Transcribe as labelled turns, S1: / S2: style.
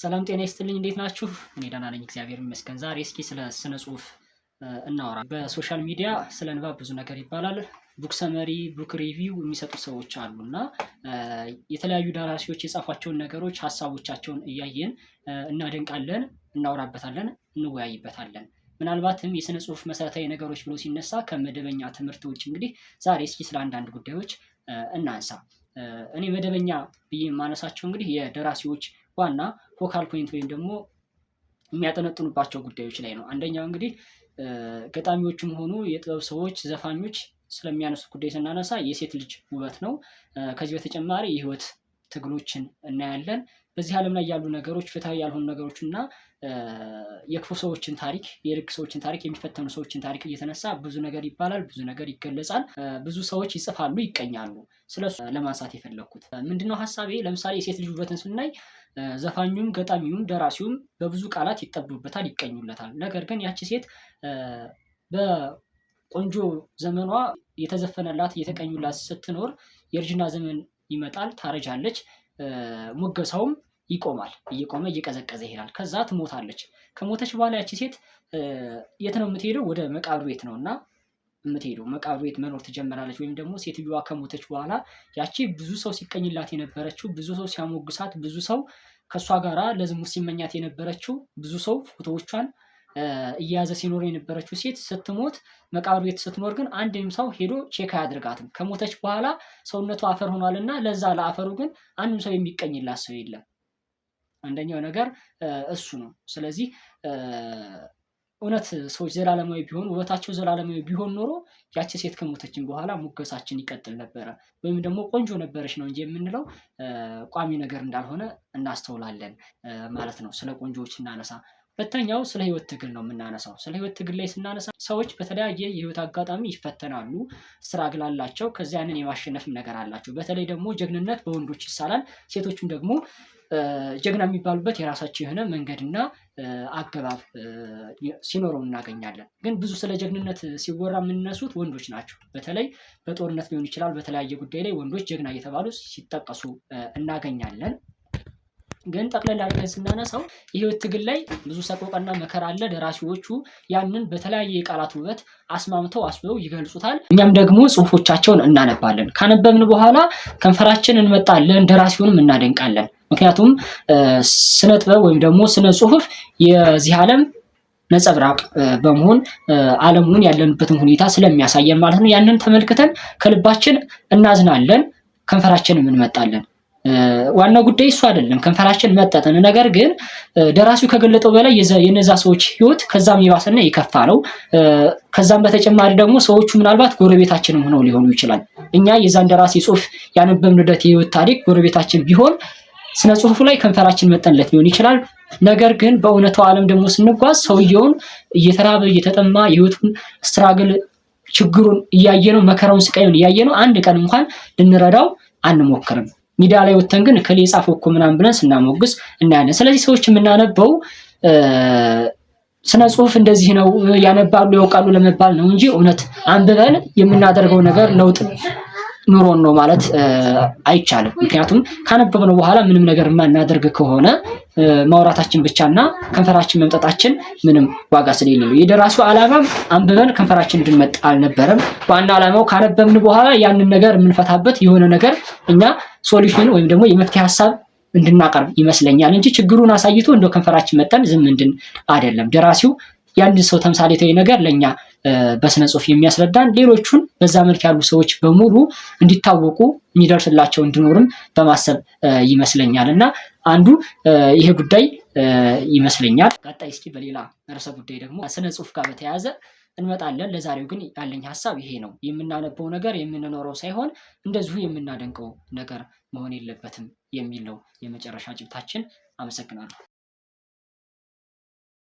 S1: ሰላም ጤና ይስጥልኝ። እንዴት ናችሁ? እኔ ደህና ነኝ፣ እግዚአብሔር ይመስገን። ዛሬ እስኪ ስለ ስነ ጽሁፍ እናወራ። በሶሻል ሚዲያ ስለ ንባብ ብዙ ነገር ይባላል። ቡክ ሰመሪ፣ ቡክ ሪቪው የሚሰጡ ሰዎች አሉ እና የተለያዩ ደራሲዎች የጻፏቸውን ነገሮች፣ ሀሳቦቻቸውን እያየን እናደንቃለን፣ እናወራበታለን፣ እንወያይበታለን። ምናልባትም የስነ ጽሁፍ መሰረታዊ ነገሮች ብሎ ሲነሳ ከመደበኛ ትምህርት ውጭ እንግዲህ ዛሬ እስኪ ስለ አንዳንድ ጉዳዮች እናንሳ። እኔ መደበኛ ብዬ የማነሳቸው እንግዲህ የደራሲዎች ዋና ፎካል ፖይንት ወይም ደግሞ የሚያጠነጥኑባቸው ጉዳዮች ላይ ነው። አንደኛው እንግዲህ ገጣሚዎቹም ሆኑ የጥበብ ሰዎች፣ ዘፋኞች ስለሚያነሱት ጉዳይ ስናነሳ የሴት ልጅ ውበት ነው። ከዚህ በተጨማሪ የህይወት ትግሎችን እናያለን። በዚህ ዓለም ላይ ያሉ ነገሮች ፍትሃዊ ያልሆኑ ነገሮች እና የክፉ ሰዎችን ታሪክ፣ የደግ ሰዎችን ታሪክ፣ የሚፈተኑ ሰዎችን ታሪክ እየተነሳ ብዙ ነገር ይባላል፣ ብዙ ነገር ይገለጻል፣ ብዙ ሰዎች ይጽፋሉ፣ ይቀኛሉ። ስለሱ ለማንሳት የፈለግኩት ምንድነው ሀሳቤ፣ ለምሳሌ የሴት ልጅ ውበትን ስናይ ዘፋኙም ገጣሚውም ደራሲውም በብዙ ቃላት ይጠብቡበታል፣ ይቀኙለታል። ነገር ግን ያቺ ሴት በቆንጆ ዘመኗ የተዘፈነላት የተቀኙላት ስትኖር የእርጅና ዘመን ይመጣል፣ ታረጃለች፣ ሙገሳውም ይቆማል። እየቆመ እየቀዘቀዘ ይሄዳል። ከዛ ትሞታለች። ከሞተች በኋላ ያቺ ሴት የት ነው የምትሄደው? ወደ መቃብር ቤት ነው እና የምትሄደው መቃብር ቤት መኖር ትጀምራለች። ወይም ደግሞ ሴትዮዋ ከሞተች በኋላ ያቺ ብዙ ሰው ሲቀኝላት የነበረችው፣ ብዙ ሰው ሲያሞግሳት፣ ብዙ ሰው ከእሷ ጋራ ለዝሙት ሲመኛት የነበረችው፣ ብዙ ሰው ፎቶዎቿን እያያዘ ሲኖር የነበረችው ሴት ስትሞት መቃብር ቤት ስትኖር ግን አንድም ሰው ሄዶ ቼክ አያደርጋትም። ከሞተች በኋላ ሰውነቱ አፈር ሆኗል እና ለዛ ለአፈሩ ግን አንድም ሰው የሚቀኝላት ሰው የለም። አንደኛው ነገር እሱ ነው። ስለዚህ እውነት ሰዎች ዘላለማዊ ቢሆን ውበታቸው ዘላለማዊ ቢሆን ኖሮ ያቺ ሴት ከሞተችን በኋላ ሙገሳችን ይቀጥል ነበረ። ወይም ደግሞ ቆንጆ ነበረች ነው እንጂ የምንለው ቋሚ ነገር እንዳልሆነ እናስተውላለን ማለት ነው። ስለ ቆንጆዎች እናነሳ ሁለተኛው ስለ ህይወት ትግል ነው የምናነሳው። ስለ ህይወት ትግል ላይ ስናነሳ ሰዎች በተለያየ የህይወት አጋጣሚ ይፈተናሉ። ስራ አላቸው። ከዚያ ያንን የማሸነፍም ነገር አላቸው። በተለይ ደግሞ ጀግንነት በወንዶች ይሳላል። ሴቶችም ደግሞ ጀግና የሚባሉበት የራሳቸው የሆነ መንገድና አገባብ ሲኖረው እናገኛለን። ግን ብዙ ስለ ጀግንነት ሲወራ የምንነሱት ወንዶች ናቸው። በተለይ በጦርነት ሊሆን ይችላል፣ በተለያየ ጉዳይ ላይ ወንዶች ጀግና እየተባሉ ሲጠቀሱ እናገኛለን። ግን ጠቅለል አድርገን ስናነሳው የህይወት ትግል ላይ ብዙ ሰቆቃና መከራ አለ። ደራሲዎቹ ያንን በተለያየ የቃላት ውበት አስማምተው አስበው ይገልጹታል። እኛም ደግሞ ጽሁፎቻቸውን እናነባለን። ካነበብን በኋላ ከንፈራችን እንመጣለን፣ ደራሲውንም እናደንቃለን። ምክንያቱም ስነ ጥበብ ወይም ደግሞ ስነ ጽሁፍ የዚህ ዓለም ነጸብራቅ በመሆን ዓለሙን ያለንበትን ሁኔታ ስለሚያሳየን ማለት ነው። ያንን ተመልክተን ከልባችን እናዝናለን፣ ከንፈራችንም እንመጣለን። ዋናው ጉዳይ እሱ አይደለም፣ ከንፈራችን መጠጥን። ነገር ግን ደራሲው ከገለጠው በላይ የነዛ ሰዎች ህይወት ከዛም የባሰና የከፋ ነው። ከዛም በተጨማሪ ደግሞ ሰዎቹ ምናልባት ጎረቤታችንም ሆነው ሊሆኑ ይችላል። እኛ የዛን ደራሲ ጽሁፍ ያነበብንበት የህይወት ታሪክ ጎረቤታችን ቢሆን ስነ ጽሁፉ ላይ ከንፈራችን መጠንለት ሊሆን ይችላል። ነገር ግን በእውነታው ዓለም ደግሞ ስንጓዝ ሰውየውን እየተራበ እየተጠማ የህይወቱን ስትራግል ችግሩን እያየ መከራውን ስቃዩን እያየነው አንድ ቀን እንኳን ልንረዳው አንሞክርም። ሚዲያ ላይ ወተን ግን ከሌ የጻፈው እኮ ምናምን ብለን ስናሞግስ እናያለን። ስለዚህ ሰዎች የምናነበው ስነ ጽሁፍ እንደዚህ ነው፣ ያነባሉ ያውቃሉ ለመባል ነው እንጂ እውነት አንብበን የምናደርገው ነገር ለውጥ ኑሮን ነው ማለት አይቻልም። ምክንያቱም ካነበብነው በኋላ ምንም ነገር የማናደርግ ከሆነ ማውራታችን ብቻና ከንፈራችን መምጠጣችን ምንም ዋጋ ስለሌለው የደራሲው ዓላማም አንብበን ከንፈራችን እንድንመጣ አልነበረም። ዋና ዓላማው ካነበብን በኋላ ያንን ነገር የምንፈታበት የሆነ ነገር እኛ ሶሉሽን ወይም ደግሞ የመፍትሄ ሀሳብ እንድናቀርብ ይመስለኛል እንጂ ችግሩን አሳይቶ እንደ ከንፈራችን መጠን ዝም እንድን አይደለም። ደራሲው የአንድ ሰው ተምሳሌታዊ ነገር ለእኛ በስነ ጽሁፍ የሚያስረዳን ሌሎቹን በዛ መልክ ያሉ ሰዎች በሙሉ እንዲታወቁ የሚደርስላቸው እንዲኖርም በማሰብ ይመስለኛል እና አንዱ ይሄ ጉዳይ ይመስለኛል። ቀጣይ እስኪ በሌላ ርዕሰ ጉዳይ ደግሞ ስነ ጽሁፍ ጋር በተያያዘ እንመጣለን። ለዛሬው ግን ያለኝ ሀሳብ ይሄ ነው። የምናነበው ነገር የምንኖረው ሳይሆን እንደዚሁ የምናደንቀው ነገር መሆን የለበትም የሚል ነው የመጨረሻ ጭብታችን። አመሰግናለሁ።